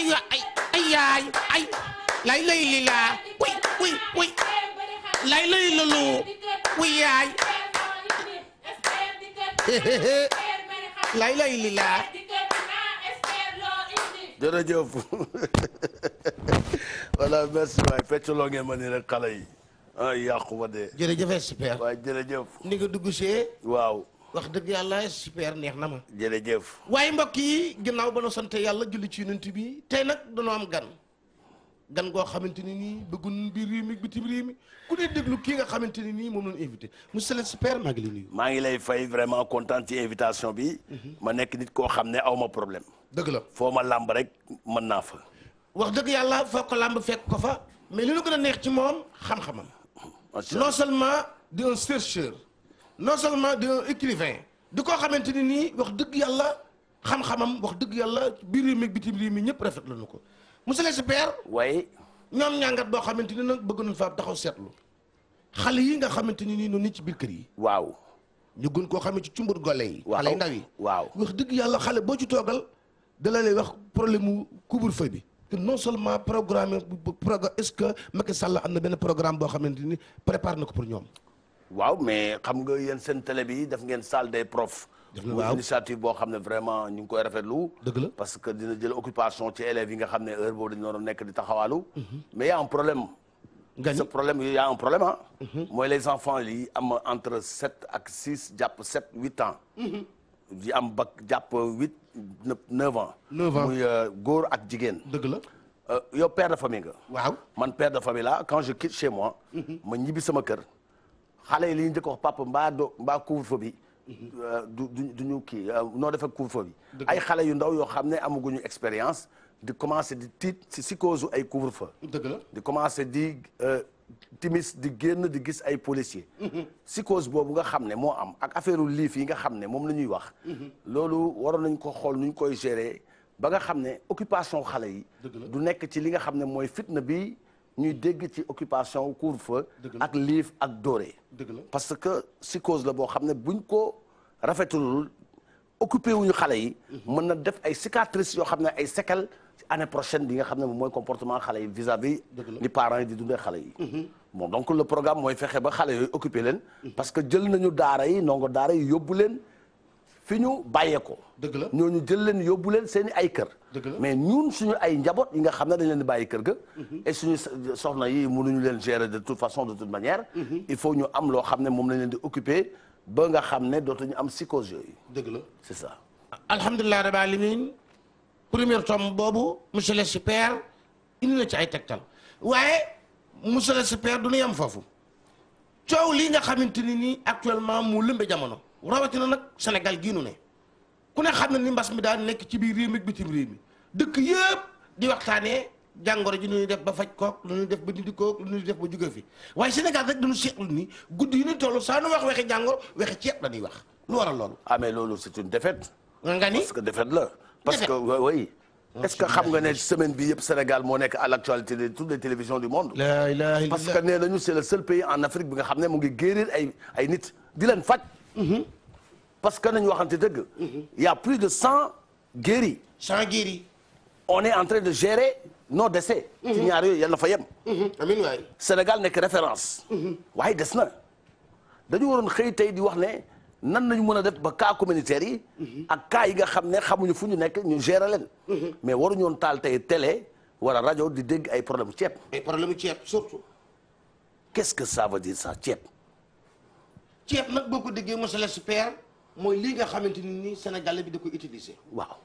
ay wa ay ay yaay ay lay lay li laa wuy wuy lay lay lay lay li laa jërëjëf voilà merci waay fecculoo ngeen ma ni rek xale yi ah yàqu ma de jërëjëf super waay jërëjëf ni nga dugg see waaw wax dëgg yàlla super neex na ma. jërëjëf. waaye mbokk yi ginnaaw ba nu sant yàlla julli ci nant bi tey nag dañoo am gan gan goo xamante ni nii bëggun biir réew mi bitim réew mi ku dee déglu kii nga xamante ni nii moom lañu invité monsieur le super maa ngi lay maa ngi lay fay vraiment content ci invitation bi. Mhm. ma nekk nit koo xam ne aw ma problème. dëgg la foo ma làmb rek mën naa fa. wax dëgg yàlla foo ko làmb fekk ko fa mais li ñu gën a neex ci moom xam-xamam. non seulement di un non seulement d'un écrivain di koo xamante ni nii wax dëgg yàlla xam-xamam wax dëgg yàlla biir réew mi ak bitim réew mi ñëpp rafetlu na ko monsieur le per waaye. ñoom ñàngat boo xamante ni nag bëgg nañ faa taxaw seetlu xale yi nga xamante ni nii noonu ni ci biir kër yi. waaw. ñu gën koo xamee ci cumbur gole yi. waaw xale ndaw yi. waaw wax dëgg yàlla xale boo ci toogal dala lay wax problème mu couvre-feu bi. que non seulement programme programme est-ce que Macky Sall am na benn programme boo xamante ni prépare na ko pour ñoom. waaw mais xam nga yéen seen télé bi def ngeen salle des profs. waaw initiative boo xam ne vraiment ñu ngi koy rafetlu. dëgg la parce que dina jël occupation ci élèves yi nga xam ne heure boo dañu doon nekk di taxawaalu. Mhm. mais y' a un problème. nga ce problème y' a un problème ah. mooy les enfants yi am entre sept ak six jàpp sept huit ans. yi mhm. am ba jàpp huit neuf ans. neuf ans muy euh, góor ak jigéen. dëgg la. Euh, yow père de famille man père de famille la quand je quitte chez moi. ma ñibbi sama kër. xale yi li ñu njëkk wax papa mbaa do mbaa couvre-feu bi du du ñu kii euh, noo defee couvre-feu bi ay xale yu ndaw yoo xam ne amaguñu expérience di commencer di tiit si si cause ay couvre-feu la di commencer di euh, timis di génn di gis ay policiers mhm. si cause boobu nga xam ne moo am ak affaire liif yi nga xam ne moom la ñuy wax mhm. loolu waroon nañ ko xool nu ñu koy gérer ba nga xam ne occupation xale yi du nekk ci li nga xam ne mooy fitna bi ñuy dégg ci occupation wu couvre ak liif ak doore parce que si cause la boo xam ne bu ñu ko rafetulul occupé wuñu xale yi mhm. mën na def ay cicatrices yoo xam ne ay séquelles année prochaine bi nga xam ne mooy comportement xale yi vis-à-vis ni parents yi di dundee xale yi mhm. bon donc le programme mooy fexe ba xale yooyu occupé leen mhm. parce que jël nañu daara yi ndongo daara yi yóbbu leen fi ñu bàyyee ko dëgg la ñooñu jël leen yóbbu leen seen i ay kër mais ñun suñu ay njaboot yi nga xam ne dañ leen di bàyyi kër ga. Mhm. et suñu soxna yi mënuñu leen gérer de toute façon de toute manière. Mhm. il faut ñu am loo xam ne moom lañ leen di occuper ba nga xam ne dootuñu am psychose yooyu. la c'est ça. alhamdulilah rabbil alamin premier tome boobu monsieur le super indi na ci ay tegtal waaye monsieur le super du ñu yem foofu coow lii nga xamante ni nii actuellement mu lëmbe jamono rawatina nag Sénégal gii nu ne. ku ne xam na ni mbas mi daan nekk ci biir réew mi bitim réew mi dëkk yëpp di waxtaanee jàngoro ji nu ñuy def ba faj kook lu ñuy def ba dindi kook lu ñuy def ba jóge fi waaye Sénégal rek dañu seetlu ni guddi yi nu toll saa nu wax waxi jàngoro waxi ceeb la ñuy wax lu waral loolu. amee ah, mais loolu c'est une défaite. nga ni parce que défaite la. parce que oui. est-ce que xam nga ne semaine bi yëpp Sénégal moo nekk à l'actualité de toutes les télévisions du monde. parce que nee bi nga xam ne mu ngi guérir ay ay nit di leen faj. Mm-hmm. parce que nañu waxante dëgg. y' a de cent guéris. cent guéris. on est en train de gérer nos décès. ci ñaar yooyu yàlla fa yem. amiin waay. Sénégal nekk référence. waaye des na dañu waroon xëy tey di wax ne nan nañu mën a def ba ka communautaire yi. ak cas yi nga xam ne xamuñu fu ñu nekk ñu gérer leen. mais waruñu woon taal tey télé wala rajo di dégg ay problème ceeb. ay problème ceeb surtout. qu'est-ce que ça veut dire ça ceeb. ceeb nag boo ko déggee monsieur le mooy lii nga xamante ni nii Sénégal bi di ko utiliser. waaw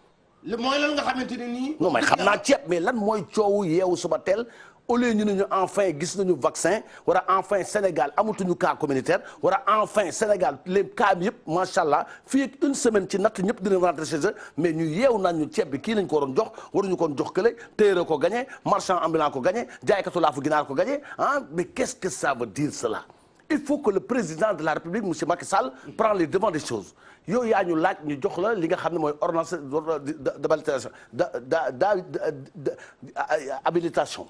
mooy lan nga xamante ni nii. non mais xam naa ceeb mais lan mooy coowu yeewu suba teel au lieu ñu ne ñu enfin gis nañu vaccin wala enfin Sénégal amatuñu cas communautaire wala enfin Sénégal les cas bi yëpp macha allah fii ak une semaine ci natt ñëpp dinañ rentrer chez mais ñu yeewu naa ñu ceeb bi kii nañ ko waroon jox waruñu ko jox kële téere ko gagné marchand ambulant ko gagné jaaykatu laafu ginaar ko gagné ah, que ça veut dire cela. il faut que le président de la république monsieur Macky Sall prend les devants des choses yooyu yaa ñu laaj ñu jox la li nga xam ne mooy ordonnance d'habilitation da da da habilitation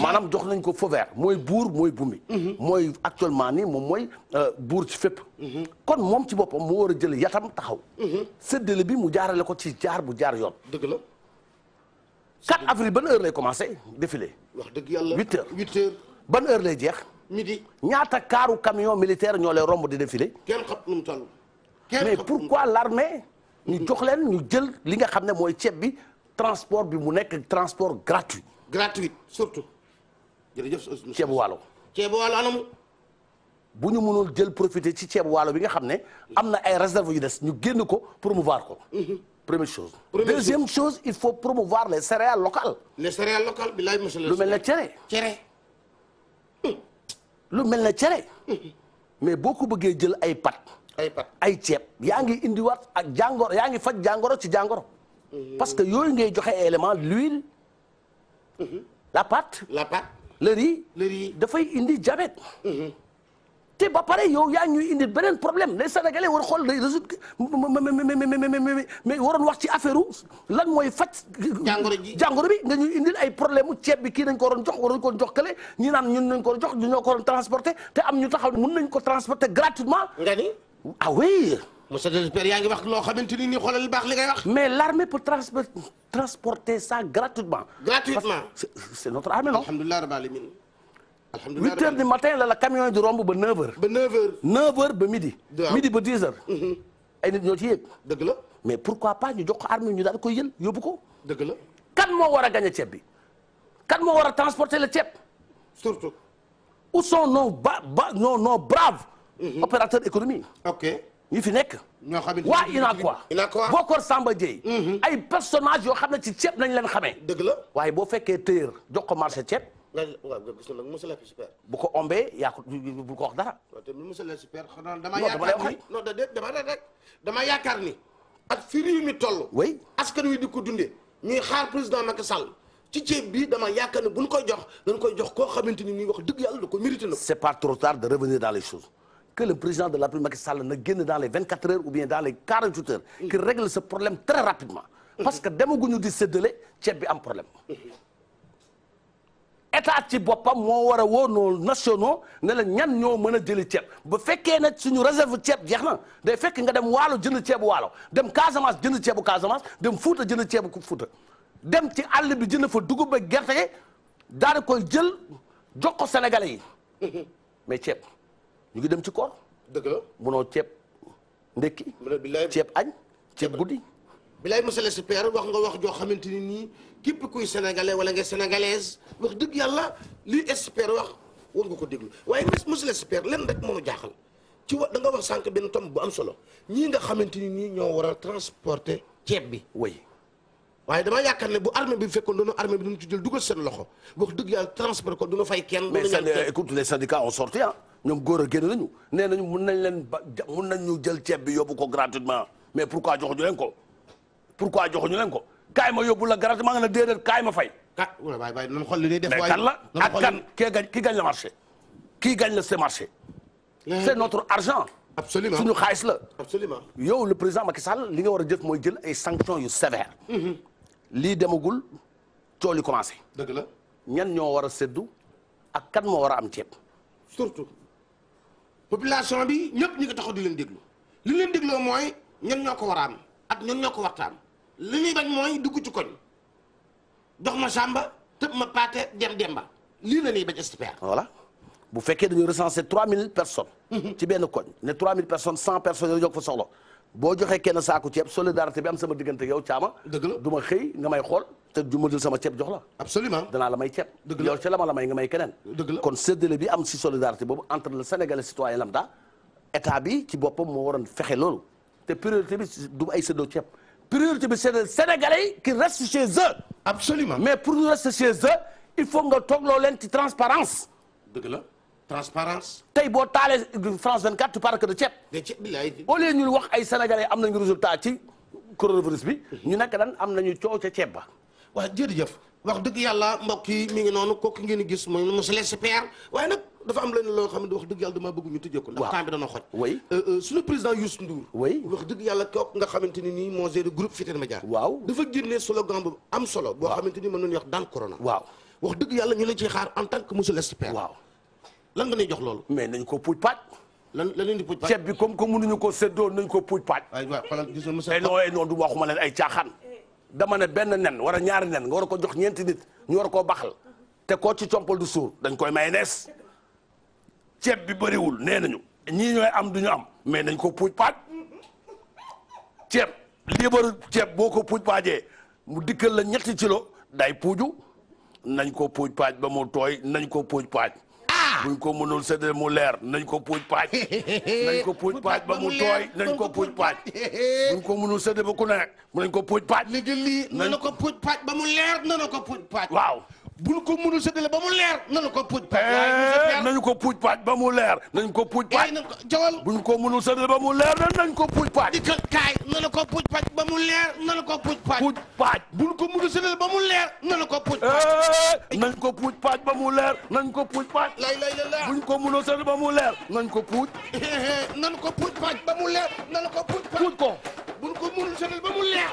maanaam jox nañ ko feu vert mooy buur mooy bumi mhm. mooy actuellement nii moom mooy euh, buur ci fépp mhm. kon moom ci boppam moo war a jël yatam taxaw mhm. séddale bi mu jaarale ko ci jaar bu jaar yoon dëgg la 4 avril ban heure lay commencé défilé wax dëgg yàlla huit heures huit heures ban heure lay jeex midi ñaata kaaru camion militaire ñoo lay romb di défilé. kenn xam nu mu toll. mais pourquoi l'armée ñu jox leen ñu jël li nga xam ne mooy ceeb bi transport bi mu nekk transport gratuit. gratuit surtout. jërëjëf ceebu waalo. ceebu waalo anam. bu ñu mënul jël profiter ci ceebu waalo bi nga xam ne am na ay réserve yu des ñu génn ko promouvoir ko. Mhm. première chose. Première deuxième chose. il faut promouvoir les céréales locales. les céréales bi laay mos lu mel ne cere. cere. lu mel ne cere mais boo ko bëggee jël ay pat ay pat ay ceeb yaa ngi indiwaat ak jàngoro yaa ngi faj jàngoro ci jàngoro parce que yooyu ngay joxe élément l'huile mm-hmm. la pâte la pâte le riz dafay indi diabète mm-hmm. te ba pare yow yaa ñuy indi beneen problème les sénégalais war xool day résoudre mais waroon wax ci affaire lan mooy faj. jàngoro ji jàngoro bi nga ñuy indil ay problème mu ceeb bi kii nañ ko waroon jox waroon ko jox kële ñi naan ñun nañ ko jox ñu ñoo ko waroon transporter te am ñu taxaw mun nañ ko transporter gratuitement. nga ni ah oui. monsieur Désespère yaa ngi wax loo xamante ni nii xoolal baax li ngay wax. mais l'armée peut transporter ça gratuitement. gratuitement parce que c'est notre armée non. alhamdulilah rabbil alamin alhamdulilah 8 heures du matin la la camion yi di romb ba 9 heures. ba 9 heures ba midi. midi ba 10 heures. Mhm. ay nit ñoo ci dëgg la mais pourquoi pas ñu jox ko arme ñu daal koy jël yóbbu ko. dëgg la kan moo war a gagné ceeb bi kan moo war a transporter la ceeb. surtout. où sont nos ba ba nos nos braves. Mhm. opérateurs économiques. ok ñi fi nekk. ñoo xam ne waa Inaakoa. Inaakoa Bokor Samba Dieye. Mhm. ay personnages yoo xam ne ci ceeb nañ leen xamee. dëgg la waaye boo fekkee téer jox ko marché ceeb. nga waaw nga gis na nag monsieur bu ko ombee yaa ko dara. waaw te monsieur dama yaakaar ni ak fi réew mi toll. oui askan wi di ko dundee. ñuy xaar président Macky Sall. ci ceeb bi dama yaakaar ne bu ko koy jox dañ koy jox koo xamante ni ñuy wax dëgg yàlla da ko mérité na. c' est pas trop tard de revenir dans les choses. que le président de la République Macky Sall na génn dans les vingt quatre heures ou bien dans les quarante huit heures. Mm. qui règle ce problème très rapidement. parce que demaguñu di séddale ceeb bi am état ci boppam moo war a woo nos nationaux ne ñan ñoo mën a jëli ceeb bu fekkee ne suñu réserve ceeb jeex na day fekk nga dem waalo jënd ceebu waalo dem Casamance jënd ceebu Casamance dem Fuuta jënd ceebu Fuuta dem ci àll bi jënd fa dugub ak gerte daal di koy jël jox ko Sénégalais yi mais ceeb ñu ngi dem ci koor. dëgg la munoo ceeb ndekki. ceeb añ ceeb guddi. bilaay monsieur le super wax nga wax joo xamante ni nii. képp kuy sénégalais wala nga sénégalaise wax dëgg yàlla li expert wax war nga ko déglu waaye monsieur l'expert lenn rek moo jaaxal ci wa da nga wax sànq benn tomb bu am solo ñii nga xamante ni ñii ñoo war a transporter ceeb bi way waaye damaa yaakaar ne bu armée bi fekkoon doon armée bi duñu ci jël dugal seen loxo wax dëgg yàlla transport ko duñu fay kenn. mais seen écoute les syndicats na sorti nee nañu mun nañ leen ba mun nañ ñu jël ceeb bi yóbbu ko gratuitement mais pourquoi joxuñu leen ko pourquoi joxuñu leen ko. kaay ma yóbbu la garage maa nga la déedéet kaay ma fay. ah wala waay waay nan xool li ñuy def. waay kan la ak kan kii gañ la marché. kii gañ la ce marché. c'est notre argent. absolument suñu xaalis la. absolument yow le président Macky Sall li nga war a jëf mooy jël ay sanctions yu sévères. Mhm. lii demagul tool yi commencé. dëgg la ñan ñoo war a séddu ak kan moo war a am ceeb. surtout population bi ñëpp ñi ko taxaw di leen déglu li leen dégloo mooy ñan ñoo ko war a am ak ñan ñoo ko warta am li ñuy bañ mooy dugg ci koñ jox ma sàmba tëb ma paate dem demba lii la ñuy bañ expert voilà bu fekkee dañu recensé 3000 personnes mhm. ci benn koñ ne 3000 personnes 100 personnes yooyu ñoo ko fa soxla boo joxee kenn saako ceeb solidarité bi am sama diggante yow caama dëgg ma xëy nga may xool te du ma jël sama ceeb jox la absolument danaa la may ceeb dëgg la yow ci la ma la may nga may keneen dëgg la kon séddale bi am si solidarité boobu entre le sénégalais citoyen lambda état bi ci boppam moo waroon fexe loolu te priorité bi du ay séddoo ceeb priorité bi c'est les Sénégalais qui restent chez eux. absolument mais pour ñu rester chez eux il faut nga toogloo leen ci transparence dëgg la transparence tey boo taalee France 24 tu parles que de ceeb. de ceeb bi laay au wax ay sénégalais am nañu résultat ci coronavirus bi. ñu nekk daan am nañu coow ca ceeb ba. waaw jërëjëf wax dëgg yàlla mbokk yi mi ngi noonu kooku ngeen gis mooy monsieur le waaye nag. dafa am leneen loo xam ne wax dëgg yàlla damaa bëgg ñu tëjee ko ndax temps bi dana xoj oui euh, euh, suñu président Youssou Ndour oui wax dëgg yàlla kooku nga xamante ni nii moo géré groupe Futurs Médias waaw dafa génnee slogan bu am solo boo xamante ni mën nañu wax daan corona waaw wax dëgg yàlla ñu lañ ci xaar en tant que nga nañ ko puuj paaj lan ne leen di puuj paaj ceeb bi comme que mënuñu ko séddoo ko puuj paaj waaw waaw xoolal gis nga monsieur eh eh non du waxuma leen ay caaxaan dama ne benn nen war a ñaari nen nga war a ko jox ñeenti nit ñu war koo baxal te koo ci compal du suur dañ koy mayonnaise ceeb bi bëriwul nee nañu ñii ñooy am du ñu am mais nañ ko puuj paaj ceeb liibaru ceeb boo ko puuj paajee mu dikkal la ñetti kilo daay puuju nañ ko puuj paaj ba mu tooy nañ ko puuj paaj buñ ko mënul séddale mu leer nañ ko puuj paaj nañ ko puuj paaj ba mu tooy nañ ko puuj paaj buñ ko mënul séddale ba ku nekk nañ ko puuj paaj léegi lii na ko puuj paaj ba mu leer na ko puuj paaj waaw buñ ko mënul séddale ba mu leer nañu ko puuj paaj. nañu ko puuj paaj ba mu leer nañu ko puuj paaj. jawal buñ ko mënul séddale ba mu leer nañu ko puuj paaj. di ko kaay nañu ko puuj paaj ba mu leer nañu ko puuj paaj. puuj paaj buñ ko mënul séddale ba mu leer nañu ko puuj paaj. nañu ko puuj paaj ba mu leer nañu ko puuj paaj. lay lay la buñ ko mënul séddale ba mu leer nañu ko puuj. nañu ko puuj paaj ba mu leer nañu ko puuj paaj. puuj ko buñ ko mënul séddale ba mu leer.